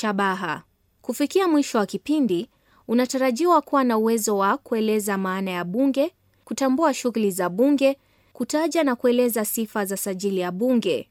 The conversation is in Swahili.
Shabaha. Kufikia mwisho wa kipindi, unatarajiwa kuwa na uwezo wa kueleza maana ya bunge, kutambua shughuli za bunge, kutaja na kueleza sifa za sajili ya bunge.